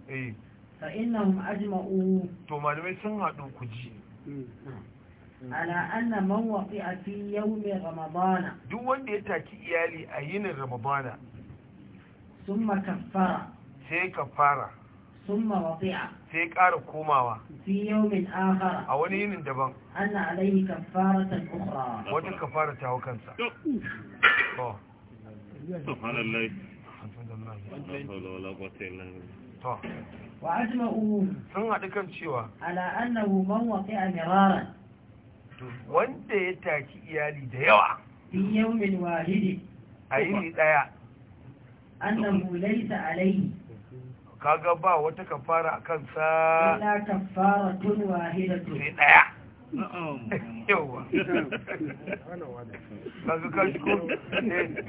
eh fa innahum ajma'u to malamai sun haɗu ku ji hmm. ala anna man waqi'a fi yawmi ramadana duk wanda ya taki iyali a yinin ramadana summa kaffara sai kafara summa waqi'a sai ƙara komawa fi yawmin akhara a wani yinin daban anna alayhi kaffaratan ukhra wata kafara ta hau kansa to subhanallah wa ajma'u sun haɗu kan cewa ala annahu man waqi'a miraran wanda ya taki iyali da yawa in yawmin wahidi a yini daya annahu laysa alayhi kaga ba wata kafara a kansa illa kafaratun wahidatu sai daya yauwa ba ga kashi ko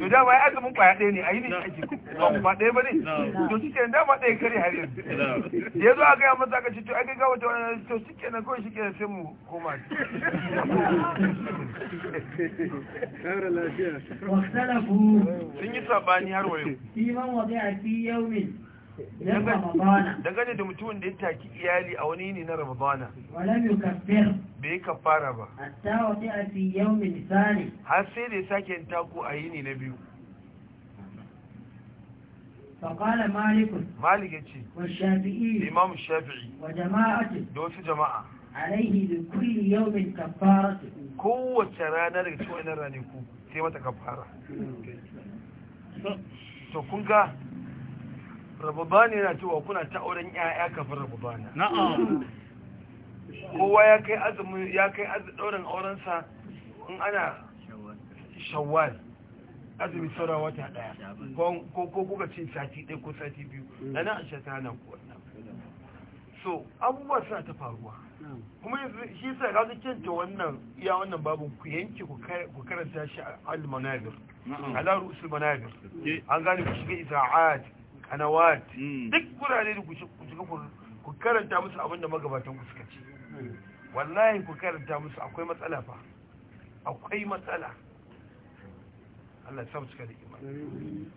dama ya mun kwaya ne a yi ne ake kuma ba ɗaya ba ne to shi dama ɗaya kare har yanzu a gaya masa ka ce to aka gawa ta to shi kenan kawai shi na sai mu koma sun yi har wayo dangane da mutumin da ya taki iyali a wani yini na ramadana bai yi kafara ba har sai da ya sake yin taku a yini na biyu faƙala malikun malika ce da imam shafi'i da wasu jama'a kowace rana daga cikin wani rane ku sai mata kafara hmm. to kun ga rababani yana cewa kuna ta auren yaya kafin rababana na'am kowa ya kai azumi ya kai azumin daurin auren sa in ana shawwal azumi saura wata daya ko ko kuka cin sati ɗaya ko sati biyu dana mm. a shata nan ku so abubuwa suna ta faruwa kuma shi sa ga ta wannan iya wannan babu ku yanke ku karanta shi al-manabir ala al manabir an gane ku shiga iza'at kanawat hmm. duk gurare da ku shiga ku karanta musu abin da magabatan ku suka ce wallahi ku karanta musu akwai matsala fa akwai matsala Allah ya samu cika da imani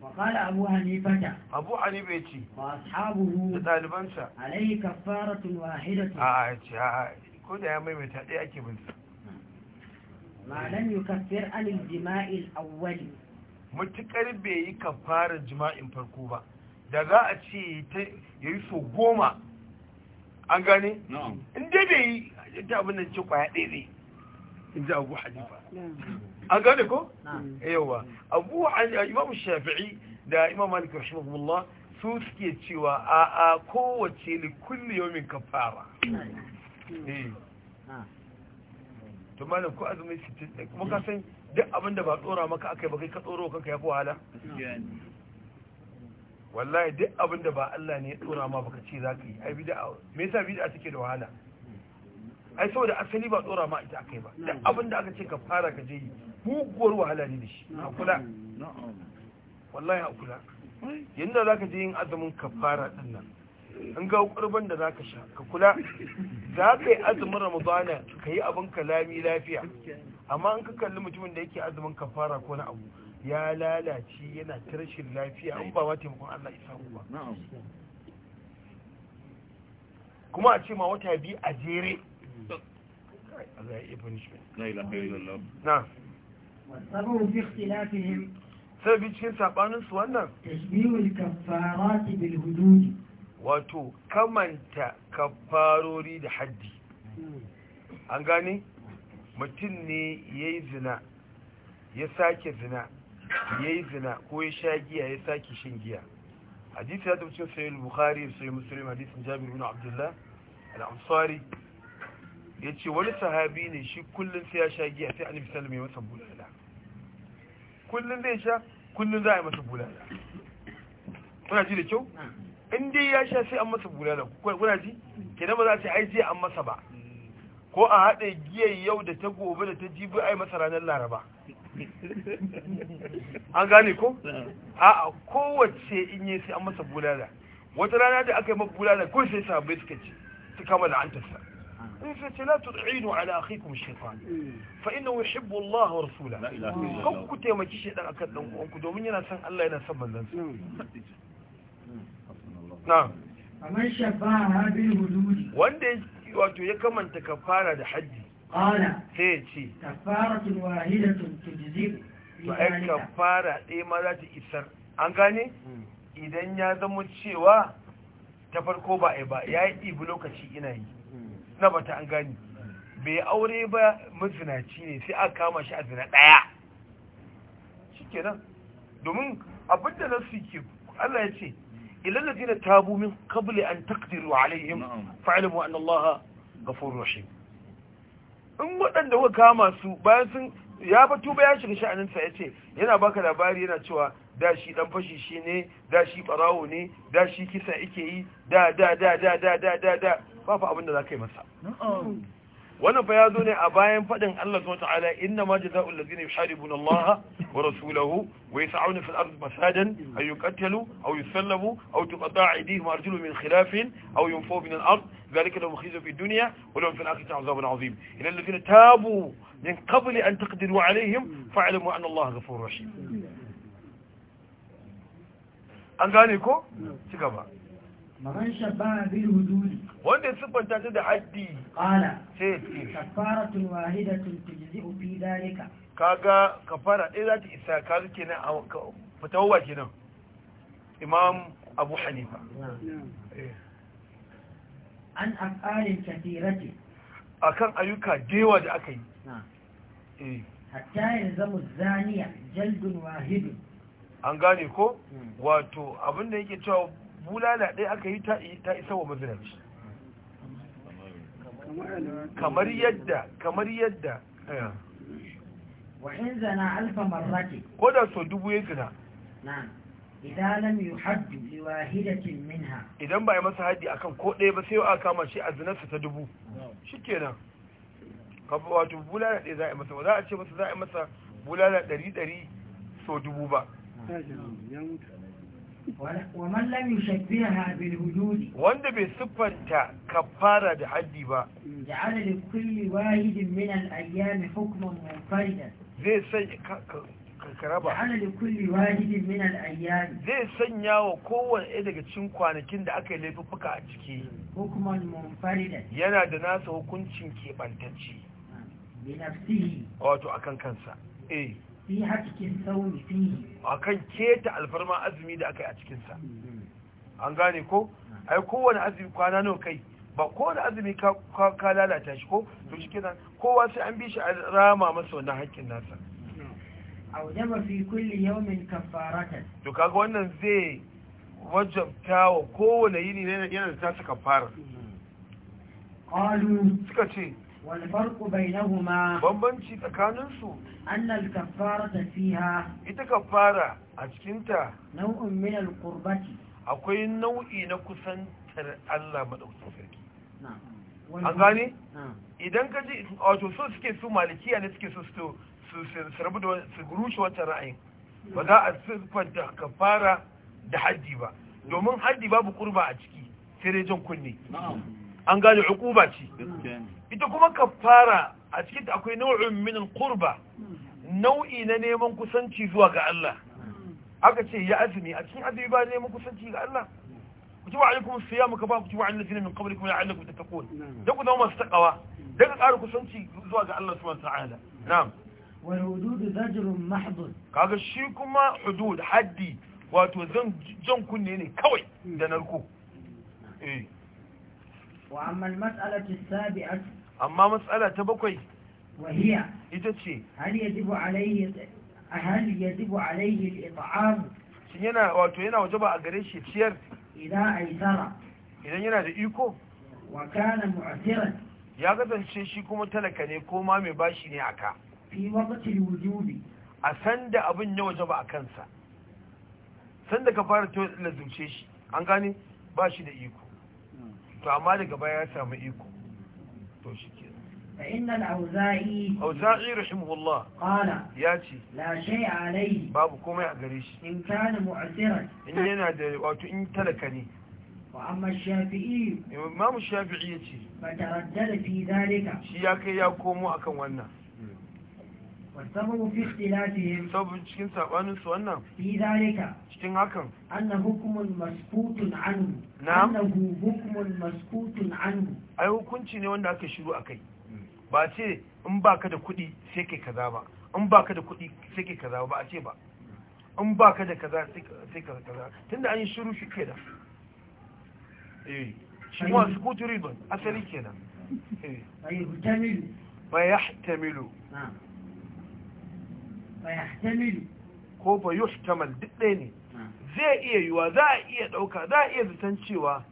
وقال أبو حنيفة أبو حنيفة وأصحابه تطالبان سا عليه كفارة واحدة آه كل يا ميمة تحدي أكي بنسا ما لم يكفر عن الجماع الأول matuƙar bai yi kafarar jima'in farko ba da za a ce ya yi so goma an gane? in bai yi ta abin da ce kwaya ɗaya ne in ji abu hanifa an gane ko? yauwa abu imam shafi'i da imam malik rahimahullah su suke cewa a a kowace likulli yomin kafara eh. to malam ko azumin 60 kuma kasan. duk abin da ba tsora maka aka yi ba kai ka tsoro kanka ya fi wahala wallahi duk abin da ba Allah ne ya tsora ma baka ce za ka yi ai bid'a me yasa bid'a take da wahala ai saboda asali ba tsora ma ita yi ba duk abin da aka ce ka fara ka je yi muguwar wahala ne da shi a kula wallahi a kula yanda za ka je yin azumin kafara din nan in ga kurban da zaka sha ka kula za ka yi azumin ramadana ka yi abin kalami lafiya amma in ka kalli mutumin da yake azumin kafara ko na abu ya lalace yana ta rashin lafiya an ba wata taimakon Allah ya samu ba kuma a ce ma wata biyu a jere Allah ya iya punishment la ilaha illallah na wasabu fi ikhtilafihim sai cikin sabanin su wannan tashbihul kafarati bil hudud wato kamanta kafarori da haddi an gane mutum ne ya yi zina ya sake zina ya yi zina ko ya sha giya ya sake shan giya hadisi ya tabbacin sayi bukhari sayi musulun hadisin jami'ar bin abdullah al'amsari ya ce wani sahabi ne shi kullum sai ya sha giya sai an fi salama ya masa bulala kullum zai sha kullum za a yi masa bulala kuna ji da kyau in dai ya sha sai an masa da kuna ji kenan ba za ce ai je an masa ba ko a haɗe giyar yau da ta gobe da ta jibi ai masa ranar laraba an gane ko a kowace in yi sai an masa da wata rana da aka yi masa da ko sai bai suka ce su kama da tasa in sai ce la tud'inu ala akhikum shaytan fa innahu yuhibbu Allah wa rasulahu kan ku taimaki shaytan akan dan uwanku domin yana san Allah yana son manzon wanda wato ya kamanta ka fara da haji sai ya ce kafaratun wahidatun tujzi ka fara ɗaya ma za ta isar an gane hmm. idan ya zama cewa ta farko ba a ba ya yi ɗibi lokaci ina yi hmm. na bata an gane. bai aure ba mazinaci ne sai aka kama shi a zina ɗaya shi nan. domin abinda yi ke Allah ya ce إلا الذين تابوا من an أن تقدروا عليهم فاعلموا أن الله غفور in waɗanda kuka kama su bayan sun ya fito bayan shiga sha'aninsa ya ce yana baka labari yana cewa da shi dan fashi shi ne da shi barawo ne da shi kisa yake yi da da da da da da da da fa abin da za ka yi masa wannan fa ya zo ne a bayan faɗin Allah subhanahu ta'ala inna ma jazaa'ul ladzina yusharibuna Allah wa rasulahu wa yas'una fil ardi masadan ay yuqtalu aw yusallabu aw tuqta'a aydihim wa min khilafin aw yunfu min al-ard dhalika lahum khizyun fid dunya wa lahum fil akhirati 'adhabun 'azim ila alladhina tabu min qabl an taqdiru 'alayhim fa'lamu anna Allah ghafurur rahim an gane ko ci gaba man shabbaha bil hudud wanda siffanta ta da haddi qala sai ce kafaratun wahidatun tujzi'u fi dalika kaga kafara ɗaya za ta isa ka kaga kenan a fitawa kenan imam abu hanifa eh. an af'alin A kan ayyuka dewa da aka yi eh. hatta yanzu zaniya jaldun wahidun an gane ko hmm. wato abinda yake cewa bulala ɗaya aka yi ta isa wa mazinaci kamar yadda kamar yadda eh. wahin zana alfa marrati ko da so dubu ya zina idan minha idan ba ya masa haddi kan ko ɗaya ba sai a kama shi a zinarsa ta dubu shi shikenan kafa wato bulala ɗaya za a yi masa ba za a ce masa za a yi masa bulala ɗari ɗari so dubu ba wanda bai siffanta kafara da haddi ba ja'ala li kulli wahidin zai sanya karaba ja'ala li kulli wahidin zai kowanne daga cin kwanakin da aka yi laifuka a ciki yana da nasa hukuncin kebantacce bi nafsihi wato kansa eh fi cikin sauni a akan keta alfarma azumi da aka yi a cikinsa an gane ko ai kowane azumi kwana nawa kai ba kowane azumi ka lalata shi ko to shi kenan kowa sai an bi shi a rama masa wannan haƙƙin nasa aujaba fi kulli yawmin kafaratan to kaga wannan zai wajabta wa kowane yini ne yana da tasa kafara qalu suka ce والفرق tsakaninsu. بمبنشي تكاننسو أن الكفارة فيها إذا كفارة أجكنت نوع من القربة أقوي نوعي نكسن تر الله مدوسن سركي نعم أغاني نعم idan ka ji wato so suke su malikiya ne suke so su rabu da su gurushe wata ra'ayin ba za a siffanta kafara da haddi ba domin haddi babu kurba a ciki sai dai jan kunne an gane hukuba ce ita kuma kafara a cikin akwai nau'in min qurba nau'i na neman kusanci zuwa ga Allah aka ce ya azumi a cikin azumi ba neman kusanci ga Allah ku ci kutiba alaikum siyam kama kutiba alal ladina min qablikum la'allakum tattaqun da ku zama masu takawa da ka ƙara kusanci zuwa ga Allah subhanahu wa ta'ala na'am wal hudud zajrun mahdud kaga shi kuma hudud haddi wato zan kunne ne kawai da narko eh وأما المسألة السابعة أما مسألة تبقي وهي إتتشي هل يجب عليه هل يجب عليه الإطعام yana wato yana a gare shi ciyar idan idan yana da iko wa ya kasance shi kuma talaka ne ko ma mai bashi ne aka fi a sanda abin ya wajaba a kansa sanda ka fara to shi an gane bashi da iko to amma daga baya ya samu iko to shi ke فإن الأوزاعي أوزاعي رحمه الله قال ياتي لا شيء عليه باب كوما يقريش إن كان معسرا إن ينادى وأتو إن تلكني وأما الشافعي إمام الشافعي يتي فتردد في ذلك شياك يا كومو أكوانا والسبب في اختلافهم سبب cikin sabanin su wannan fi zalika cikin hakan anna hukmun maskutun anhu annahu hukmun maskutun anhu ai hukunci ne wanda aka shiru akai ba ce in baka da kuɗi sai kai kaza ba in baka da kuɗi sai kai kaza ba a ce ba in baka da kaza sai kaza kaza tunda an yi shiru shi kenan eh shi ma sukutu riban asali kenan eh fa yahtamilu fa yahtamilu na'am ko fa yuhtamal duk ɗaya ne zai iya yiwa za a iya ɗauka za a iya zaton cewa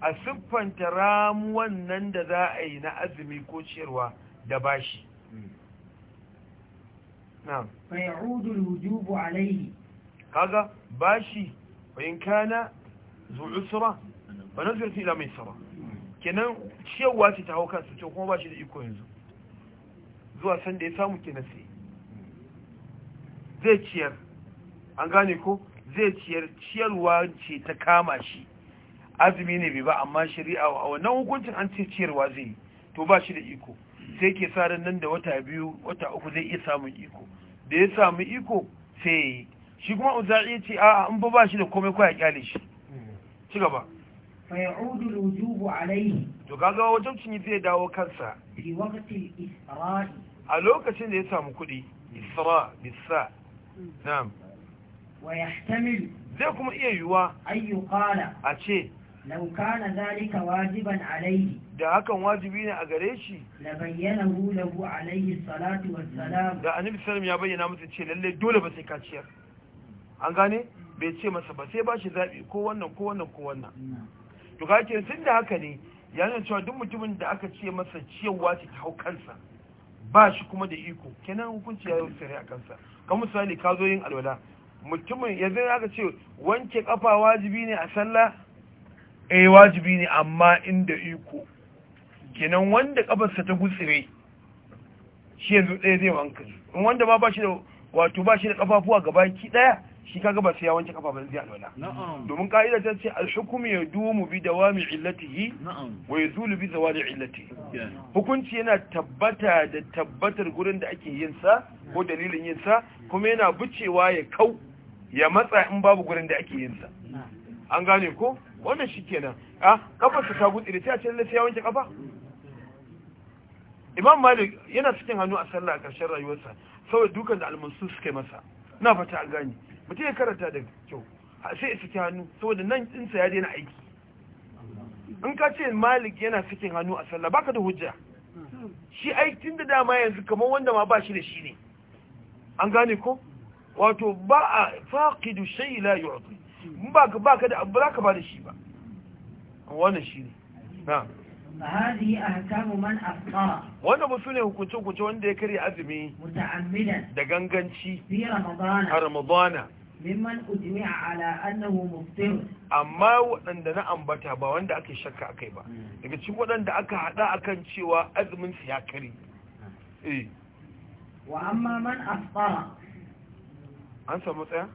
a siffanta ramuwan nan da za a yi na azumi ko ciyarwa da bashi kaga bashi wayin kana zuusura ba na zurfi ila mai sara kenan ciyarwa ce ta hau kansu ce kuma bashi da iko yanzu zuwa sanda ya samu kina zai ciyar an gane ko zai ciyar ciyarwa ce ta kama shi azumi ne bai ba amma shari'a a wannan hukuncin an ce ciyarwa zai to ba shi da iko sai ke sa ran nan da wata biyu wata uku zai iya samun iko da ya samu iko sai ya yi shi kuma uza'i ce a'a in ba ba shi da komai ko ya kyale shi ci gaba fa ya'udu al To ga to kaga cin yi zai dawo kansa fi waqti al a lokacin da ya samu kuɗi isra bisa na'am wa yahtamil zai kuma iya yiwuwa ayyu qala a ce لو كان ذلك واجبا عليه da hakan wajibi ne a gare shi la bayyanahu lahu alayhi salatu wassalam da annabi sallam ya bayyana masa ce lalle dole ba sai kaciyar. ciyar an gane bai ce masa ba sai ba shi zaɓi, ko wannan ko wannan ko wannan to kake sun da haka ne yana cewa duk mutumin da aka ce masa ciyawa ce ta hau kansa ba shi kuma da iko kenan hukunci ya yi sare a kansa kan misali ka zo yin alwala mutumin yanzu aka ce wanke kafa wajibi ne a sallah eh wajibi ne amma inda iko kenan wanda kafarsa ta gutsire shi yanzu ɗaya zai wanka in wanda ma ba shi da wato ba shi da kafafuwa gabaki ɗaya shi kaga ba sai ya wanke kafa ba zai alwala domin ka'ida ta ce al-hukm yadumu bi dawami illatihi wa yazulu bi zawali illatihi hukunci yana tabbata da tabbatar gurin da ake yin sa ko dalilin yin sa kuma yana bucewa ya kau ya matsa in babu gurin da ake yin sa an gane ko wannan shikenan a ah, kafa ta ta gutsire ta ce lalle sai ya wanke kafa imam malik yana cikin hannu a sallah a ƙarshen rayuwarsa saboda dukan da almansu suka yi masa na fata an gane mutum ya karanta da kyau sai ya saki hannu saboda nan ɗinsa ya daina aiki in ka ce malik yana sakin hannu a sallah baka da hujja shi aikin da dama yanzu kamar wanda ma ba shi da shi ne an gane ko wato ba a faqidu shay la yu'ti ba ka da abu ba da shi ba wannan shi ne na'am فهذه أحكام من أفطر وانا مسؤولي هكونتو كنتو وانده كري عزمي متعمدا دقنقنشي في رمضان رمضان mimman ujmi'a ala annahu muftir amma waɗanda na ambata ba wanda ake shakka kai ba daga cikin waɗanda aka a kan cewa azumin su ya kare wa amma man afṭara an samu tsaya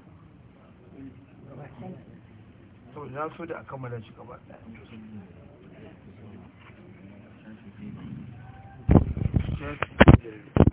Judge